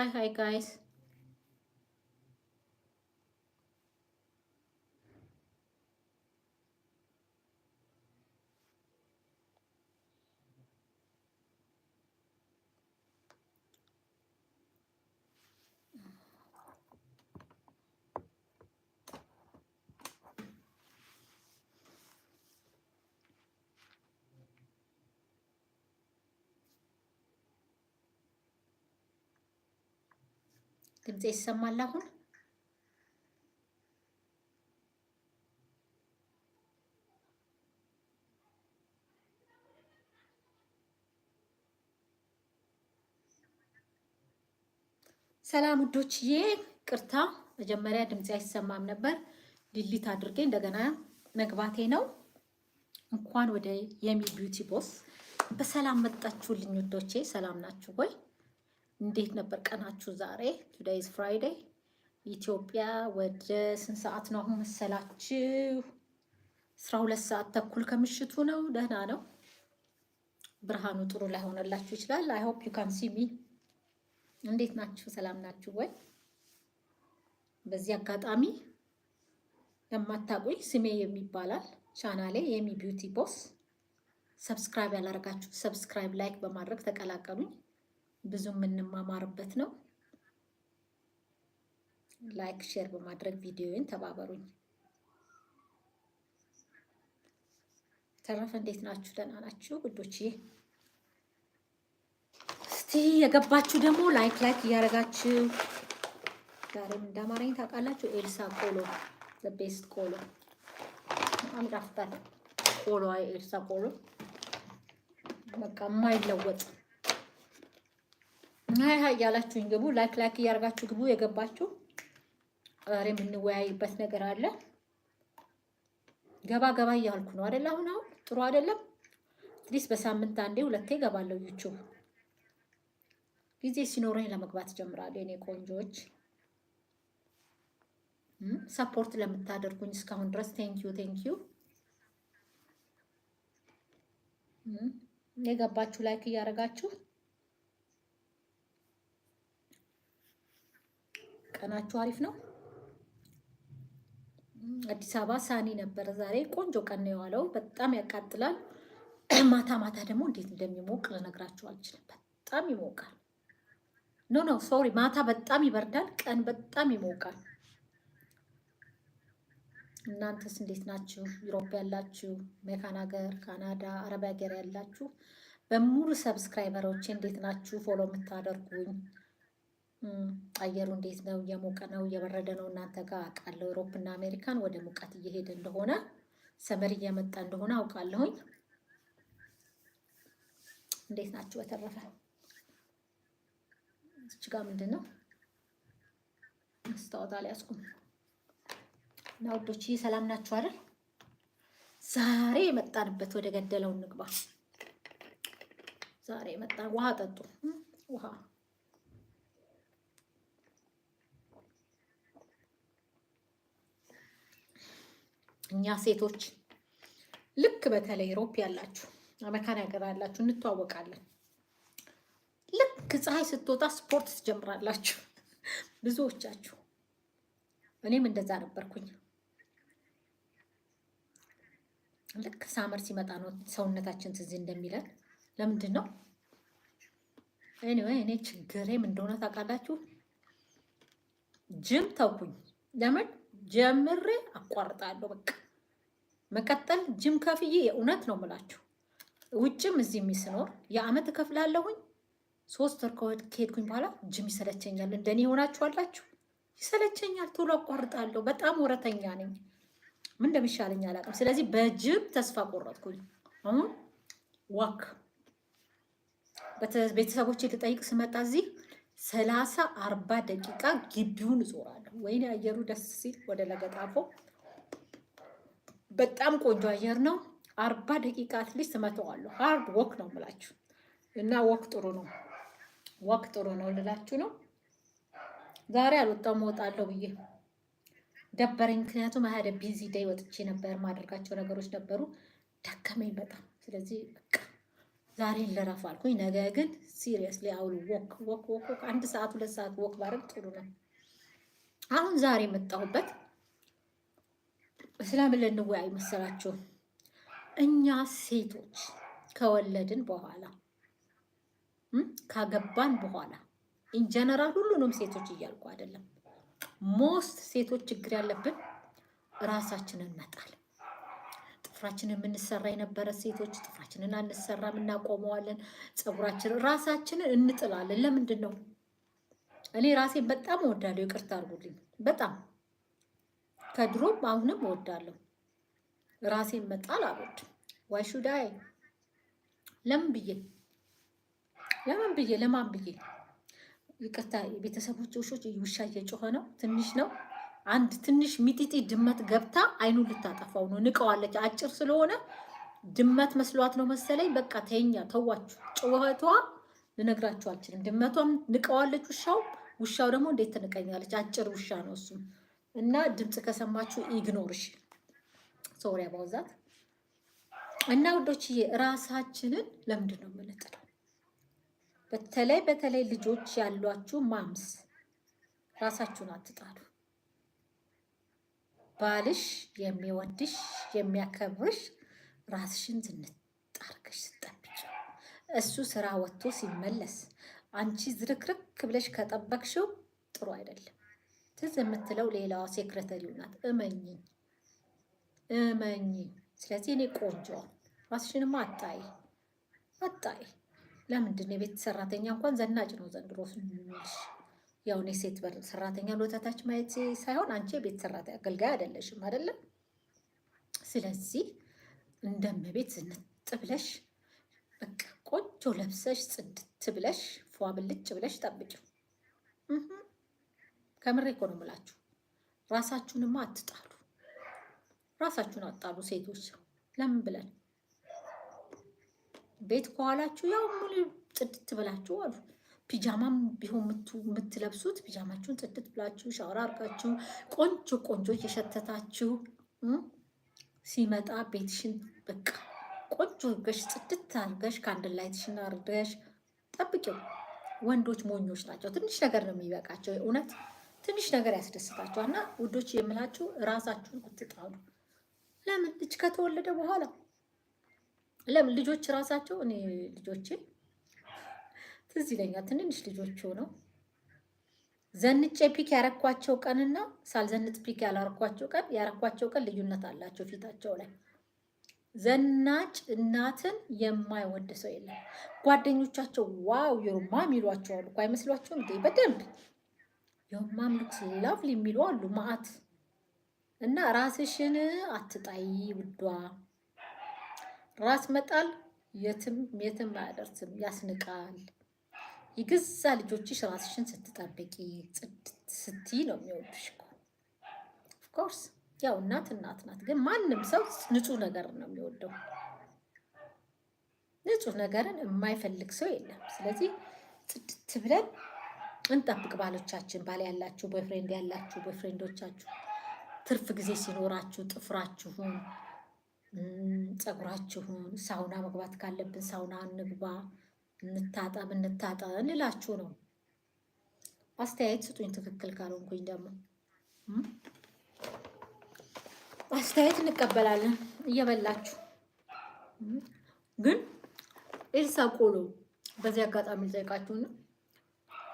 Hi, hi guys. ድምፄ ይሰማል አሁን? ሰላም ውዶችዬ፣ ቅርታ መጀመሪያ ድምፄ አይሰማም ነበር። ዲሊት አድርጌ እንደገና መግባቴ ነው። እንኳን ወደ የሚ ቢዩቲ ቦስ በሰላም መጣችሁልኝ ውዶቼ፣ ሰላም ናችሁ ወይ? እንዴት ነበር ቀናችሁ? ዛሬ ቱዴይዝ ፍራይዴ ኢትዮጵያ ወደ ስንት ሰዓት ነው አሁን መሰላችሁ? አስራ ሁለት ሰዓት ተኩል ከምሽቱ ነው። ደህና ነው። ብርሃኑ ጥሩ ላይሆነላችሁ ይችላል። አይ ሆፕ ዩ ካን ሲ ሚ። እንዴት ናችሁ? ሰላም ናችሁ ወይ? በዚህ አጋጣሚ የማታቁኝ ስሜ የሚባላል ቻናሌ የሚ ቢዩቲ ቦስ፣ ሰብስክራይብ ያላረጋችሁ ሰብስክራይብ፣ ላይክ በማድረግ ተቀላቀሉኝ። ብዙ የምንማማርበት ነው። ላይክ ሼር በማድረግ ቪዲዮውን ተባበሩኝ። ተረፈ እንዴት ናችሁ? ደህና ናችሁ ውዶች? እስቲ የገባችሁ ደግሞ ላይክ ላይክ እያደረጋችሁ ዛሬም እንዳማረኝ ታውቃላችሁ። ኤልሳ ቆሎ ቤስት ቆሎ በጣም ቆሎ ኤልሳ ቆሎ በቃ የማይለወጥ ሀይ ሀይ እያላችሁኝ ግቡ። ላይክ ላይክ እያደርጋችሁ ግቡ የገባችሁ። ዛሬ የምንወያይበት ነገር አለ። ገባ ገባ እያልኩ ነው አደለ? አሁን አሁን ጥሩ አደለም? ትንሽ በሳምንት አንዴ ሁለቴ ገባለሁ ዩቲዩብ። ጊዜ ሲኖረኝ ለመግባት ጀምራለሁ። የኔ ቆንጆች ሰፖርት ለምታደርጉኝ እስካሁን ድረስ ቴንኪዩ ቴንኪዩ። የገባችሁ ላይክ እያደረጋችሁ ቀናችሁ አሪፍ ነው። አዲስ አበባ ሳኒ ነበር ዛሬ። ቆንጆ ቀን ነው የዋለው። በጣም ያቃጥላል። ማታ ማታ ደግሞ እንዴት እንደሚሞቅ ልነግራችሁ አልችልም። በጣም ይሞቃል። ኖ ኖ ሶሪ፣ ማታ በጣም ይበርዳል፣ ቀን በጣም ይሞቃል። እናንተስ እንዴት ናችሁ? ዩሮፕ ያላችሁ፣ ሜካን ሀገር፣ ካናዳ፣ አረብ ሀገር ያላችሁ በሙሉ ሰብስክራይበሮች እንዴት ናችሁ? ፎሎ የምታደርጉኝ አየሩ እንዴት ነው? እየሞቀ ነው? እየበረደ ነው? እናንተ ጋር አውቃለሁ። አውሮፕ አሜሪካን ወደ ሙቀት እየሄደ እንደሆነ ሰመር እየመጣ እንደሆነ አውቃለሁኝ። እንዴት ናችሁ? በተረፈ እች ጋር ምንድን ነው መስታወት አልያዝኩም እና ውዶች፣ ሰላም ናችሁ አይደል? ዛሬ የመጣንበት ወደ ገደለው እንግባ። ዛሬ የመጣን ውሃ ጠጡ ውሃ እኛ ሴቶች ልክ በተለይ ሮፕ ያላችሁ አመካን ሀገር ያላችሁ እንተዋወቃለን። ልክ ፀሐይ ስትወጣ ስፖርት ትጀምራላችሁ ብዙዎቻችሁ። እኔም እንደዛ ነበርኩኝ። ልክ ሳመር ሲመጣ ነው ሰውነታችን ትዝ እንደሚለን። ለምንድን ነው ኤኒዌይ፣ እኔ ችግሬም እንደሆነ ታውቃላችሁ፣ ጅም ተውኩኝ። ለምን ጀምሬ አቋርጣለሁ። በቃ መቀጠል ጅም ከፍዬ የእውነት ነው ምላችሁ፣ ውጭም እዚህ የሚስኖር የአመት እከፍላለሁኝ። ሶስት ወር ከሄድኩኝ በኋላ ጅም ይሰለቸኛል። እንደኔ የሆናችሁ አላችሁ? ይሰለቸኛል፣ ቶሎ አቋርጣለሁ። በጣም ወረተኛ ነኝ። ምን እንደሚሻለኝ አላውቅም። ስለዚህ በጅም ተስፋ ቆረጥኩኝ። አሁን ዋክ ቤተሰቦቼ ልጠይቅ ስመጣ እዚህ ሰላሳ አርባ ደቂቃ ግቢውን እዞራለሁ። ወይኔ አየሩ ደስ ሲል ወደ ለገጣፎ በጣም ቆንጆ አየር ነው። አርባ ደቂቃ አትሊስት እመተዋለሁ። ሀርድ ወክ ነው ምላችሁ እና ወክ ጥሩ ነው፣ ወክ ጥሩ ነው ልላችሁ ነው። ዛሬ አልወጣሁም እወጣለሁ ብዬ ደበረኝ። ምክንያቱም አህደ ቢዚ ዴይ ወጥቼ ነበር፣ ማድረጋቸው ነገሮች ነበሩ። ደከመኝ በጣም ስለዚህ በቃ ዛሬ ለረፍ አልኩኝ። ነገ ግን ሲሪየስሊ አውል ወክ ወክ ወክ አንድ ሰዓት ሁለት ሰዓት ወክ ባረግ ጥሩ ነው። አሁን ዛሬ የመጣሁበት ስለምን ልንወያይ መሰላችሁ? እኛ ሴቶች ከወለድን በኋላ ካገባን በኋላ ኢንጀነራል ሁሉንም ሴቶች እያልኩ አይደለም፣ ሞስት ሴቶች ችግር ያለብን ራሳችንን መጣል ጥፍራችንን የምንሰራ የነበረ ሴቶች ጥፍራችንን አንሰራም፣ እናቆመዋለን። ፀጉራችንን ራሳችንን እንጥላለን። ለምንድን ነው? እኔ ራሴን በጣም እወዳለሁ። ይቅርታ አድርጉልኝ። በጣም ከድሮም አሁንም እወዳለሁ። ራሴን መጣል አልወድም። ዋይ ሹዳይ ለምን ብዬ ለምን ብዬ ለማን ብዬ ይቅርታ፣ የቤተሰቦች ውሾች ውሻ እየጮኸ ነው። ትንሽ ነው። አንድ ትንሽ ሚጢጢ ድመት ገብታ አይኑ ልታጠፋው ነው። ንቀዋለች። አጭር ስለሆነ ድመት መስሏት ነው መሰለኝ። በቃ ተኛ፣ ተዋችሁ። ጭወቷ ልነግራችሁ አልችልም። ድመቷም ንቀዋለች። ውሻው ውሻው ደግሞ እንዴት ትንቀኛለች? አጭር ውሻ ነው እሱም። እና ድምፅ ከሰማችሁ ኢግኖርሽ ሶሪ አባውዛት እና ውዶችዬ፣ ራሳችንን ለምንድን ነው የምንጥለው? በተለይ በተለይ ልጆች ያሏችሁ ማምስ ራሳችሁን አትጣሉ። ባልሽ የሚወድሽ የሚያከብርሽ ራስሽን ዝንጥ አድርገሽ እሱ ስራ ወጥቶ ሲመለስ አንቺ ዝርክርክ ብለሽ ከጠበቅሽው ጥሩ አይደለም። ትዝ የምትለው ሌላዋ ሴክሬተሪው ናት። እመኝኝ እመኝኝ። ስለዚህ እኔ ቆንጆ ራስሽንማ አጣይ አጣይ። ለምንድን ነው የቤት ሰራተኛ እንኳን ዘናጭ ነው ዘንድሮ ስንሽ ያው እኔ ሴት ሰራተኛ ሎታታች ማየት ሳይሆን አንቺ የቤት ሰራተኛ አገልጋይ አይደለሽም አይደለም። ስለዚህ እንደመቤት ዝንጥ ብለሽ በቃ ቆንጆ ለብሰሽ ጽድት ብለሽ ፏ ብልጭ ብለሽ ጠብቂው። ከምሬ እኮ ነው የምላችሁ። ራሳችሁንማ አትጣሉ፣ ራሳችሁን አጣሉ ሴቶች። ለምን ብለን ቤት ከኋላችሁ ያው ሙሉ ጽድት ብላችሁ አሉ ፒጃማም ቢሆን የምትለብሱት ፒጃማችሁን ጽድት ብላችሁ ሻወራ አርጋችሁ ቆንጆ ቆንጆ እየሸተታችሁ ሲመጣ ቤትሽን በቃ ቆንጆ ገሽ ጽድት አርገሽ ከአንድ ላይ ትሽን አርገሽ ጠብቂው። ወንዶች ሞኞች ናቸው። ትንሽ ነገር ነው የሚበቃቸው። እውነት ትንሽ ነገር ያስደስታቸዋል። እና ውዶች የምላችሁ ራሳችሁን አትጣሉ። ለምን ልጅ ከተወለደ በኋላ ለምን ልጆች ራሳቸው እኔ ልጆችን ትዝ ይለኛል። ትንንሽ ልጆች ሆነው ዘንጬ ፒክ ያረኳቸው ቀንና ሳልዘንጥ ፒክ ያላረኳቸው ቀን ያረኳቸው ቀን ልዩነት አላቸው ፊታቸው ላይ። ዘናጭ እናትን የማይወድ ሰው የለም። ጓደኞቻቸው ዋው ዮርማ የሚሏቸው አሉ። አይመስሏቸው እንዴ በደንብ ዮርማ ምልክ ላቭሊ የሚሉ አሉ ማአት። እና ራስሽን አትጣይ ውዷ። ራስ መጣል የትም የትም አያደርስም፣ ያስንቃል። የገዛ ልጆችሽ ራስሽን ስትጠብቂ ጽድት ስትይ ነው የሚወዱሽ እኮ። ኦፍኮርስ ያው እናት እናት ናት፣ ግን ማንም ሰው ንጹህ ነገር ነው የሚወደው። ንጹህ ነገርን የማይፈልግ ሰው የለም። ስለዚህ ጽድት ብለን እንጠብቅ። ባሎቻችን፣ ባል ያላችሁ፣ ቦይፍሬንድ ያላችሁ፣ ቦይፍሬንዶቻችሁ ትርፍ ጊዜ ሲኖራችሁ ጥፍራችሁን፣ ፀጉራችሁን ሳውና መግባት ካለብን ሳውና እንግባ። እንታጠብ እንታጠብ እንላችሁ ነው። አስተያየት ስጡኝ፣ ትክክል ካልሆንኩኝ ደግሞ አስተያየት እንቀበላለን። እየበላችሁ ግን ኤልሳ ቆሎ በዚህ አጋጣሚ ልጠይቃችሁና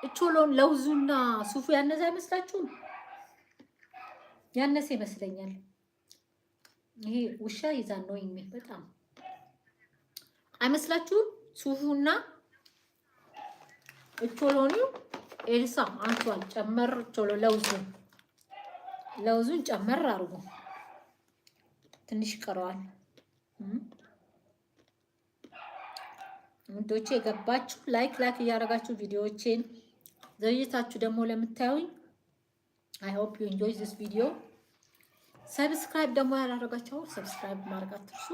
እቾሎን ለውዙና ሱፉ ያነሰ አይመስላችሁም? ያነሰ ይመስለኛል። ይሄ ውሻ ይዛ ነው በጣም አይመስላችሁም? ሱፉና እቾሎኒው ኤልሳ አንሷል። ጨመር ቾሎ ለውዙን ለውዙን ጨመር አድርጎ ትንሽ ይቀረዋል። ውዶቼ የገባችሁ ላይክ ላይክ እያደረጋችሁ ቪዲዮዎቼን ዘይታችሁ ደግሞ ለምታዩኝ አይ ሆፕ ዩ ኢንጆይ ዚስ ቪዲዮ። ሰብስክራይብ ደግሞ ያላደረጋችሁ ሰብስክራይብ ማድረግ አትርሱ።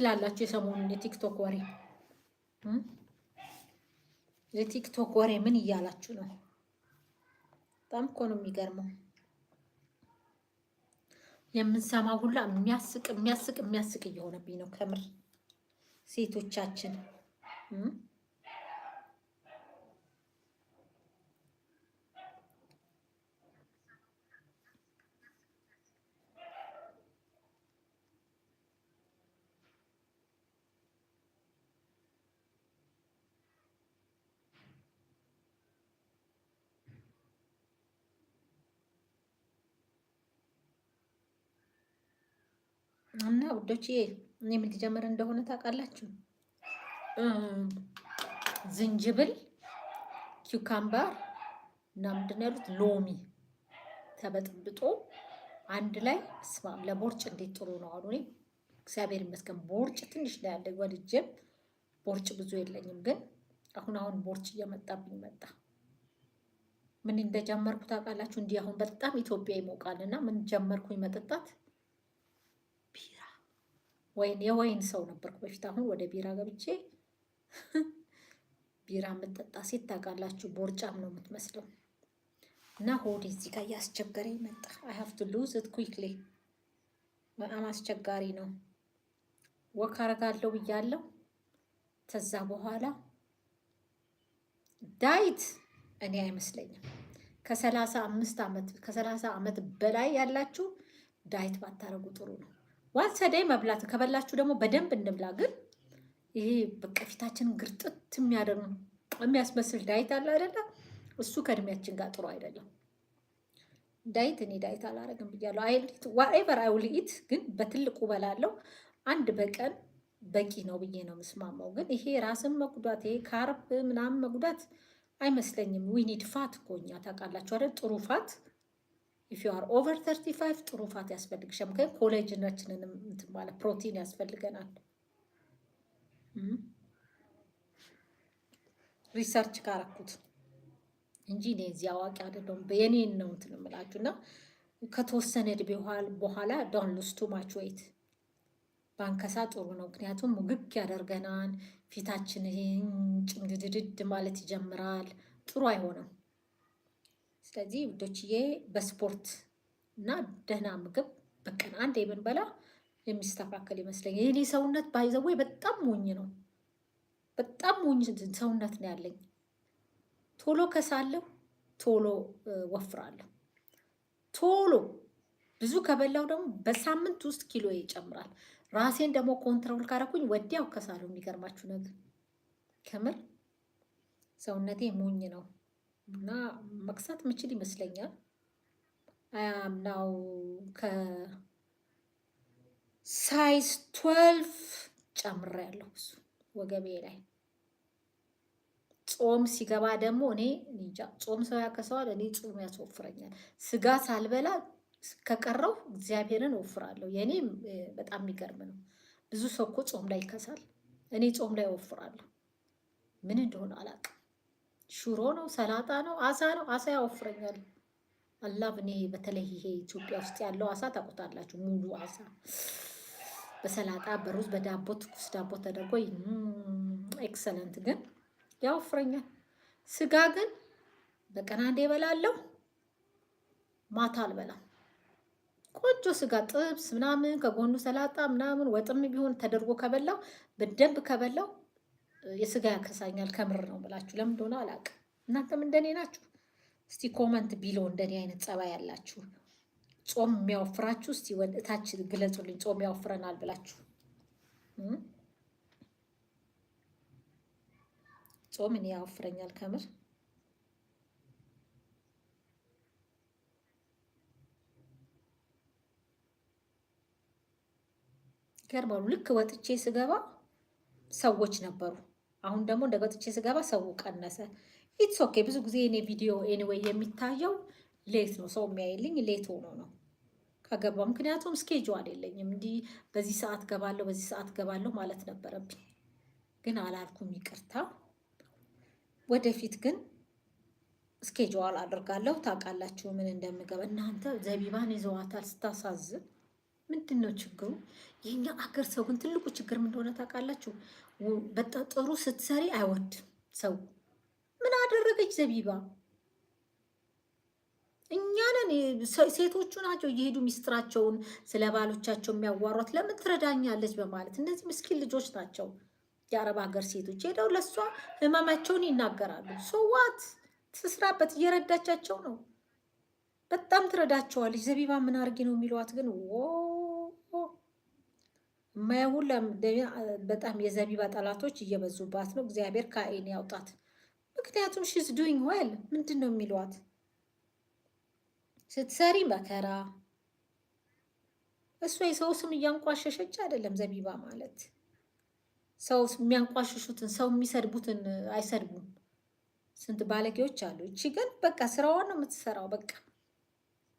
ትላላችሁ? የሰሞኑን የቲክቶክ ወሬ የቲክቶክ ወሬ ምን እያላችሁ ነው? በጣም እኮ ነው የሚገርመው። የምንሰማው ሁላ የሚያስቅ የሚያስቅ የሚያስቅ እየሆነብኝ ነው ከምር ሴቶቻችን እና ውዶች እኔ ምን ልጀምር እንደሆነ ታውቃላችሁ? ዝንጅብል፣ ኪውካምባር እና ምንድን ያሉት ሎሚ ተበጥብጦ አንድ ላይ ስማም፣ ለቦርጭ እንዴት ጥሩ ነው አሉ። እኔ እግዚአብሔር ይመስገን ቦርጭ ትንሽ ላይ ያለ ወልጄም ቦርጭ ብዙ የለኝም፣ ግን አሁን አሁን ቦርጭ እየመጣብኝ መጣ። ምን እንደጀመርኩ ታውቃላችሁ? እንዲህ አሁን በጣም ኢትዮጵያ ይሞቃል እና ምን ጀመርኩኝ መጠጣት ወይን የወይን ሰው ነበርኩ በፊት። አሁን ወደ ቢራ ገብቼ ቢራ የምጠጣ ሴት ታውቃላችሁ፣ ቦርጫም ነው የምትመስለው። እና ሆዴ እዚህ ጋር እያስቸገረ መጣ። አይ ሀቭ ቱ ሉዝ ኢት ኩክሊ። በጣም አስቸጋሪ ነው። ወክ አረጋለሁ ብያለሁ። ከዛ በኋላ ዳይት እኔ አይመስለኝም። ከሰላሳ አምስት ዓመት ከሰላሳ ዓመት በላይ ያላችሁ ዳይት ባታረጉ ጥሩ ነው። ዋንስ ዳይ መብላት ከበላችሁ ደግሞ በደንብ እንብላ። ግን ይሄ በቃ ግርጥት የሚያደርግ የሚያስመስል ዳይት አለ አይደለ? እሱ ከእድሜያችን ጋር ጥሩ አይደለም። ዳይት እኔ ዳይት አላረግም ብያለሁ። አይሊት ዋኤቨር አይውልኢት ግን በትልቁ በላለው አንድ በቀን በቂ ነው ብዬ ነው የምስማማው። ግን ይሄ ራስን መጉዳት ይሄ ካርብ ምናምን መጉዳት አይመስለኝም። ዊኒድ ፋት እኮ እኛ ታውቃላችሁ አይደል? ጥሩ ፋት ኢፍ ዩ አር ኦቨር ተርቲ ፋይቭ ጥሩ ፋት ያስፈልግሻል። ምክንያቱም ኮሌጅናችንንም እንትን ማለት ፕሮቲን ያስፈልገናል። ሪሰርች ካረኩት እንጂ እኔ እዚህ አዋቂ አይደለሁም። የኔን ነው እንትን እምላችሁ እና ከተወሰነ እድሜ በኋላ ዶንት ሉዝ ቱ ማች ዌይት ባንከሳ ጥሩ ነው። ምክንያቱም ሙግግ ያደርገናል። ፊታችን ይሄን ማለት ይጀምራል። ጥሩ አይሆንም። ስለዚህ ውዶችዬ በስፖርት እና ደህና ምግብ በቀን አንድ የምንበላ የሚስተካከል ይመስለኛል። የኔ ሰውነት ባይዘወይ በጣም ሞኝ ነው። በጣም ሞኝ ሰውነት ነው ያለኝ። ቶሎ ከሳለሁ፣ ቶሎ ወፍራለሁ። ቶሎ ብዙ ከበላው ደግሞ በሳምንት ውስጥ ኪሎ ይጨምራል። ራሴን ደግሞ ኮንትሮል ካረኩኝ ወዲያው ከሳለሁ። የሚገርማችሁ ነገር ከምር ሰውነቴ ሞኝ ነው። እና መክሳት ምችል ይመስለኛል። አምናው ከሳይዝ ትወልፍ ጨምሬ ያለሁ እሱ ወገቤ ላይ ጾም ሲገባ ደግሞ እኔ እንጃ ጾም ሰው ያከሰዋል፣ እኔ ጾም ያስወፍረኛል። ስጋ ሳልበላ ከቀረው እግዚአብሔርን ወፍራለሁ። የእኔ በጣም የሚገርም ነው። ብዙ ሰው እኮ ጾም ላይ ይከሳል፣ እኔ ጾም ላይ ወፍራለሁ። ምን እንደሆነ አላውቅም። ሽሮ ነው፣ ሰላጣ ነው፣ አሳ ነው። አሳ ያወፍረኛል። አላ እኔ በተለይ ይሄ ኢትዮጵያ ውስጥ ያለው አሳ ታውቁታላችሁ፣ ሙሉ አሳ በሰላጣ በሩዝ በዳቦ ትኩስ ዳቦ ተደርጎ ኤክሰለንት፣ ግን ያወፍረኛል። ስጋ ግን በቀን አንዴ እበላለሁ፣ ማታ አልበላም። ቆንጆ ስጋ ጥብስ ምናምን ከጎኑ ሰላጣ ምናምን ወጥም ቢሆን ተደርጎ ከበላው በደንብ ከበላው የስጋ ያከሳኛል። ከምር ነው ብላችሁ ለምን እንደሆነ አላውቅም። እናንተም እንደኔ ናችሁ? እስቲ ኮመንት ቢሎ እንደኔ አይነት ጸባይ ያላችሁ ጾም የሚያወፍራችሁ እስቲ ወደታች ግለጹልኝ። ጾም ያወፍረናል ብላችሁ ጾም እኔ ያወፍረኛል ከምር ገርባሉ። ልክ ወጥቼ ስገባ ሰዎች ነበሩ። አሁን ደግሞ እንደ ገጥቼ ስገባ ሰው ቀነሰ። ኢትስ ኦኬ። ብዙ ጊዜ እኔ ቪዲዮ ኤኒዌይ የሚታየው ሌት ነው። ሰው የሚያይልኝ ሌት ሆኖ ነው ከገባ ምክንያቱም ስኬጁ የለኝም። እንዲህ በዚህ ሰዓት ገባለሁ፣ በዚህ ሰዓት ገባለሁ ማለት ነበረብኝ፣ ግን አላልኩም። ይቅርታ። ወደፊት ግን ስኬጁዋል አድርጋለሁ ታውቃላችሁ ምን እንደምገባ እናንተ። ዘቢባን ይዘዋታል ስታሳዝን ምንድን ነው ችግሩ? የኛ አገር ሰው ግን ትልቁ ችግር ምን እንደሆነ ታውቃላችሁ? በጣም ጥሩ ስትሰሪ አይወድም ሰው። ምን አደረገች ዘቢባ? እኛንን ሴቶቹ ናቸው እየሄዱ ሚስጥራቸውን ስለ ባሎቻቸው የሚያዋሯት። ለምን ትረዳኛለች በማለት እነዚህ ምስኪን ልጆች ናቸው የአረብ ሀገር ሴቶች ሄደው ለእሷ ህመማቸውን ይናገራሉ። ሰዋት ትስራበት፣ እየረዳቻቸው ነው። በጣም ትረዳቸዋለች። ዘቢባ ምን አድርጌ ነው የሚለዋት ግን ሁላም በጣም የዘቢባ ጠላቶች እየበዙባት ነው። እግዚአብሔር ከአይን ያውጣት። ምክንያቱም ሽዝ ዱይንግ ዌል ምንድን ነው የሚሏት? ስትሰሪ መከራ። እሷ የሰው ስም እያንቋሸሸች አይደለም። ዘቢባ ማለት ሰው የሚያንቋሸሹትን ሰው የሚሰድቡትን አይሰድቡም። ስንት ባለጌዎች አሉ። እቺ ግን በቃ ስራዋን ነው የምትሰራው። በቃ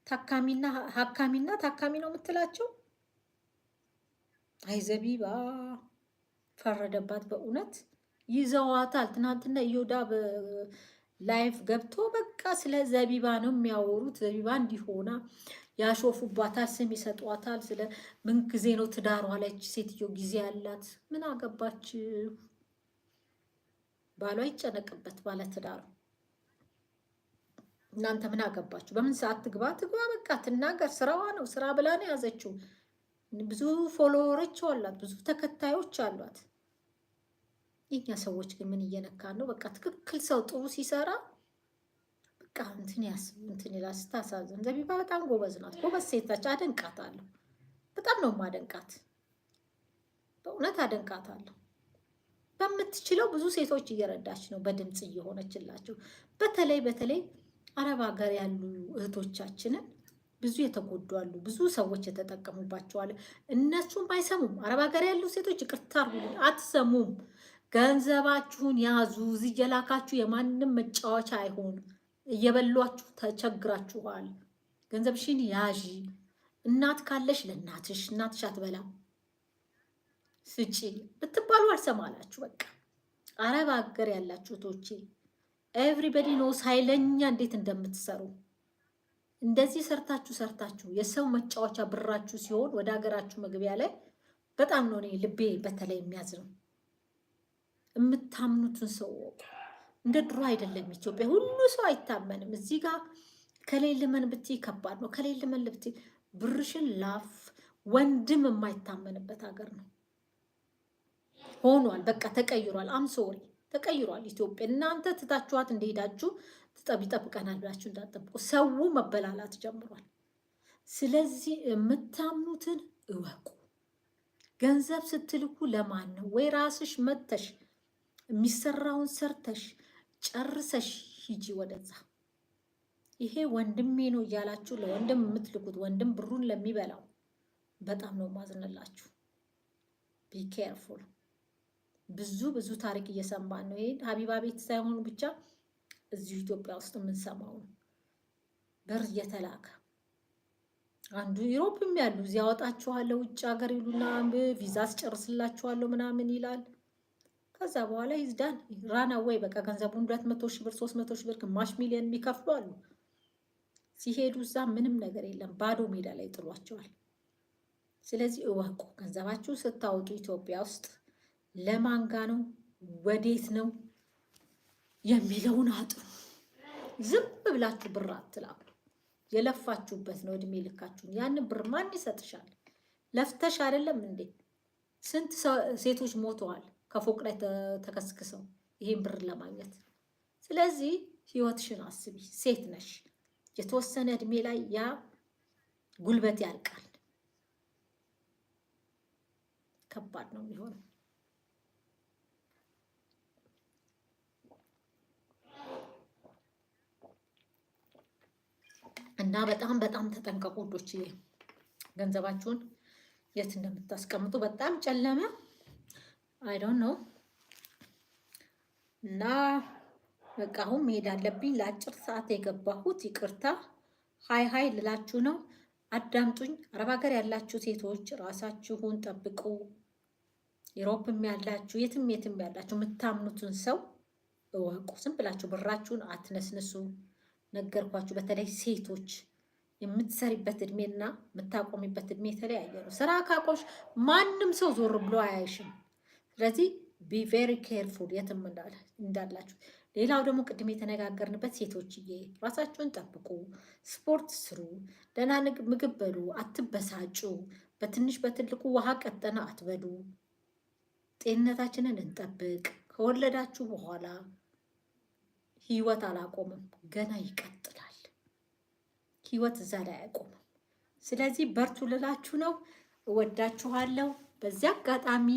ታካሚና ሀካሚና ታካሚ ነው የምትላቸው አይዘቢባ ፈረደባት። በእውነት ይዘዋታል። ትናንትና ኢዮዳብ ላይፍ ገብቶ በቃ ስለ ዘቢባ ነው የሚያወሩት። ዘቢባ እንዲሆና ያሾፉባታል፣ ስም ይሰጧታል። ስለ ምን ጊዜ ነው ትዳሯለች ሴትዮ ጊዜ ያላት ምን አገባች? ባሏ ይጨነቅበት፣ ባለ ትዳሩ። እናንተ ምን አገባችሁ? በምን ሰዓት ትግባ ትግባ፣ በቃ ትናገር። ስራዋ ነው፣ ስራ ብላ ነው የያዘችው። ብዙ ፎሎወሮች አሏት፣ ብዙ ተከታዮች አሏት። የኛ ሰዎች ግን ምን እየነካ ነው? በቃ ትክክል ሰው ጥሩ ሲሰራ በቃ እንትን ያስብ እንትን ይላል። ስታሳዝን ዘቢባ በጣም ጎበዝ ናት፣ ጎበዝ ሴታች አደንቃታለሁ። በጣም ነው ማደንቃት፣ በእውነት አደንቃታለሁ። በምትችለው ብዙ ሴቶች እየረዳች ነው፣ በድምፅ እየሆነችላቸው። በተለይ በተለይ አረብ ሀገር ያሉ እህቶቻችንን ብዙ የተጎዱ አሉ፣ ብዙ ሰዎች የተጠቀሙባቸዋል። እነሱም አይሰሙም። አረብ ሀገር ያሉ ሴቶች ይቅርታ አርጉልኝ፣ አትሰሙም። ገንዘባችሁን ያዙ። እዚህ የላካችሁ የማንም መጫወቻ አይሆን እየበሏችሁ ተቸግራችኋል። ገንዘብሽን ያዢ። እናት ካለሽ ለእናትሽ እናትሽ አትበላ ስጪ ብትባሉ አልሰማላችሁ። በቃ አረብ ሀገር ያላችሁ ቶቼ ኤቭሪበዲ ኖ ሳይለኛ እንዴት እንደምትሰሩ እንደዚህ ሰርታችሁ ሰርታችሁ የሰው መጫወቻ ብራችሁ ሲሆን ወደ ሀገራችሁ መግቢያ ላይ በጣም ነው እኔ ልቤ በተለይ የሚያዝ ነው። የምታምኑትን ሰው እንደ ድሮ አይደለም ኢትዮጵያ፣ ሁሉ ሰው አይታመንም። እዚህ ጋር ከሌለ ብትይ ከባድ ነው። ከሌል ልመን ብርሽን ላፍ ወንድም የማይታመንበት ሀገር ነው ሆኗል። በቃ ተቀይሯል። አም ሶሪ ተቀይሯል ኢትዮጵያ። እናንተ ትታችኋት እንደሄዳችሁ ይጠብቀናል ብላችሁ እንዳትጠብቁ። ሰው መበላላት ጀምሯል። ስለዚህ የምታምኑትን እወቁ። ገንዘብ ስትልኩ ለማን ነው? ወይ ራስሽ መተሽ የሚሰራውን ሰርተሽ ጨርሰሽ ሂጂ ወደዛ። ይሄ ወንድሜ ነው እያላችሁ ለወንድም የምትልኩት ወንድም ብሩን ለሚበላው በጣም ነው ማዝንላችሁ። ቢ ኬርፉል። ብዙ ብዙ ታሪክ እየሰማን ነው። ይሄ ሀቢባ ቤት ሳይሆኑ ብቻ እዚሁ ኢትዮጵያ ውስጥ የምንሰማው ነው። በር እየተላከ አንዱ ዩሮፕም ያሉ እዚህ አወጣችኋለሁ ውጭ ሀገር ይሉና ቪዛ አስጨርስላችኋለሁ ምናምን ይላል። ከዛ በኋላ ይዝዳን ራና ወይ በቃ ገንዘቡን ሁለት መቶ ሺህ ብር ሶስት መቶ ሺህ ብር ግማሽ ሚሊዮን የሚከፍሉ አሉ። ሲሄዱ እዛ ምንም ነገር የለም፣ ባዶ ሜዳ ላይ ጥሏቸዋል። ስለዚህ እወቁ፣ ገንዘባችሁ ስታወጡ ኢትዮጵያ ውስጥ ለማንጋ ነው? ወዴት ነው? የሚለውን አጥሩ። ዝም ብላችሁ ብር አትላኩ። የለፋችሁበት ነው እድሜ ልካችሁን። ያንን ብር ማን ይሰጥሻል? ለፍተሽ አይደለም እንዴ? ስንት ሴቶች ሞተዋል ከፎቅ ላይ ተከስክሰው ይሄን ብር ለማግኘት። ስለዚህ ህይወትሽን አስቢ። ሴት ነሽ። የተወሰነ እድሜ ላይ ያ ጉልበት ያልቃል። ከባድ ነው የሚሆነው። እና በጣም በጣም ተጠንቀቁ ውዶች። ገንዘባችሁን የት እንደምታስቀምጡ በጣም ጨለመ። አይ ዶንት ኖ እና በቃ አሁን መሄድ አለብኝ። ለአጭር ሰዓት የገባሁት ይቅርታ። ሀይ ሀይ ልላችሁ ነው። አዳምጡኝ። አረብ ሀገር ያላችሁ ሴቶች ራሳችሁን ጠብቁ። ዩሮፕም ያላችሁ የትም የትም ያላችሁ የምታምኑትን ሰው እወቁ። ዝም ብላችሁ ብራችሁን አትነስንሱ። ነገርኳችሁ። በተለይ ሴቶች የምትሰሪበት እድሜና የምታቆሚበት እድሜ የተለያየ ነው። ስራ ካቆምሽ ማንም ሰው ዞር ብሎ አያይሽም። ስለዚህ ቢ ቬሪ ኬርፉል የትም እንዳላችሁ። ሌላው ደግሞ ቅድም የተነጋገርንበት ሴቶችዬ ራሳችሁን ጠብቁ፣ ስፖርት ስሩ፣ ደህና ምግብ በሉ፣ አትበሳጩ፣ በትንሽ በትልቁ ውሃ ቀጠና አትበሉ። ጤንነታችንን እንጠብቅ። ከወለዳችሁ በኋላ ህይወት አላቆምም፣ ገና ይቀጥላል። ህይወት እዛ ላይ አይቆምም። ስለዚህ በርቱ ልላችሁ ነው። እወዳችኋለሁ። በዚያ አጋጣሚ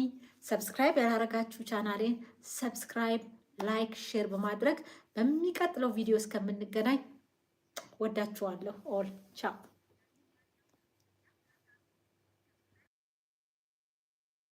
ሰብስክራይብ ያላረጋችሁ ቻናሌን ሰብስክራይብ፣ ላይክ፣ ሼር በማድረግ በሚቀጥለው ቪዲዮ እስከምንገናኝ ወዳችኋለሁ። ኦል ቻው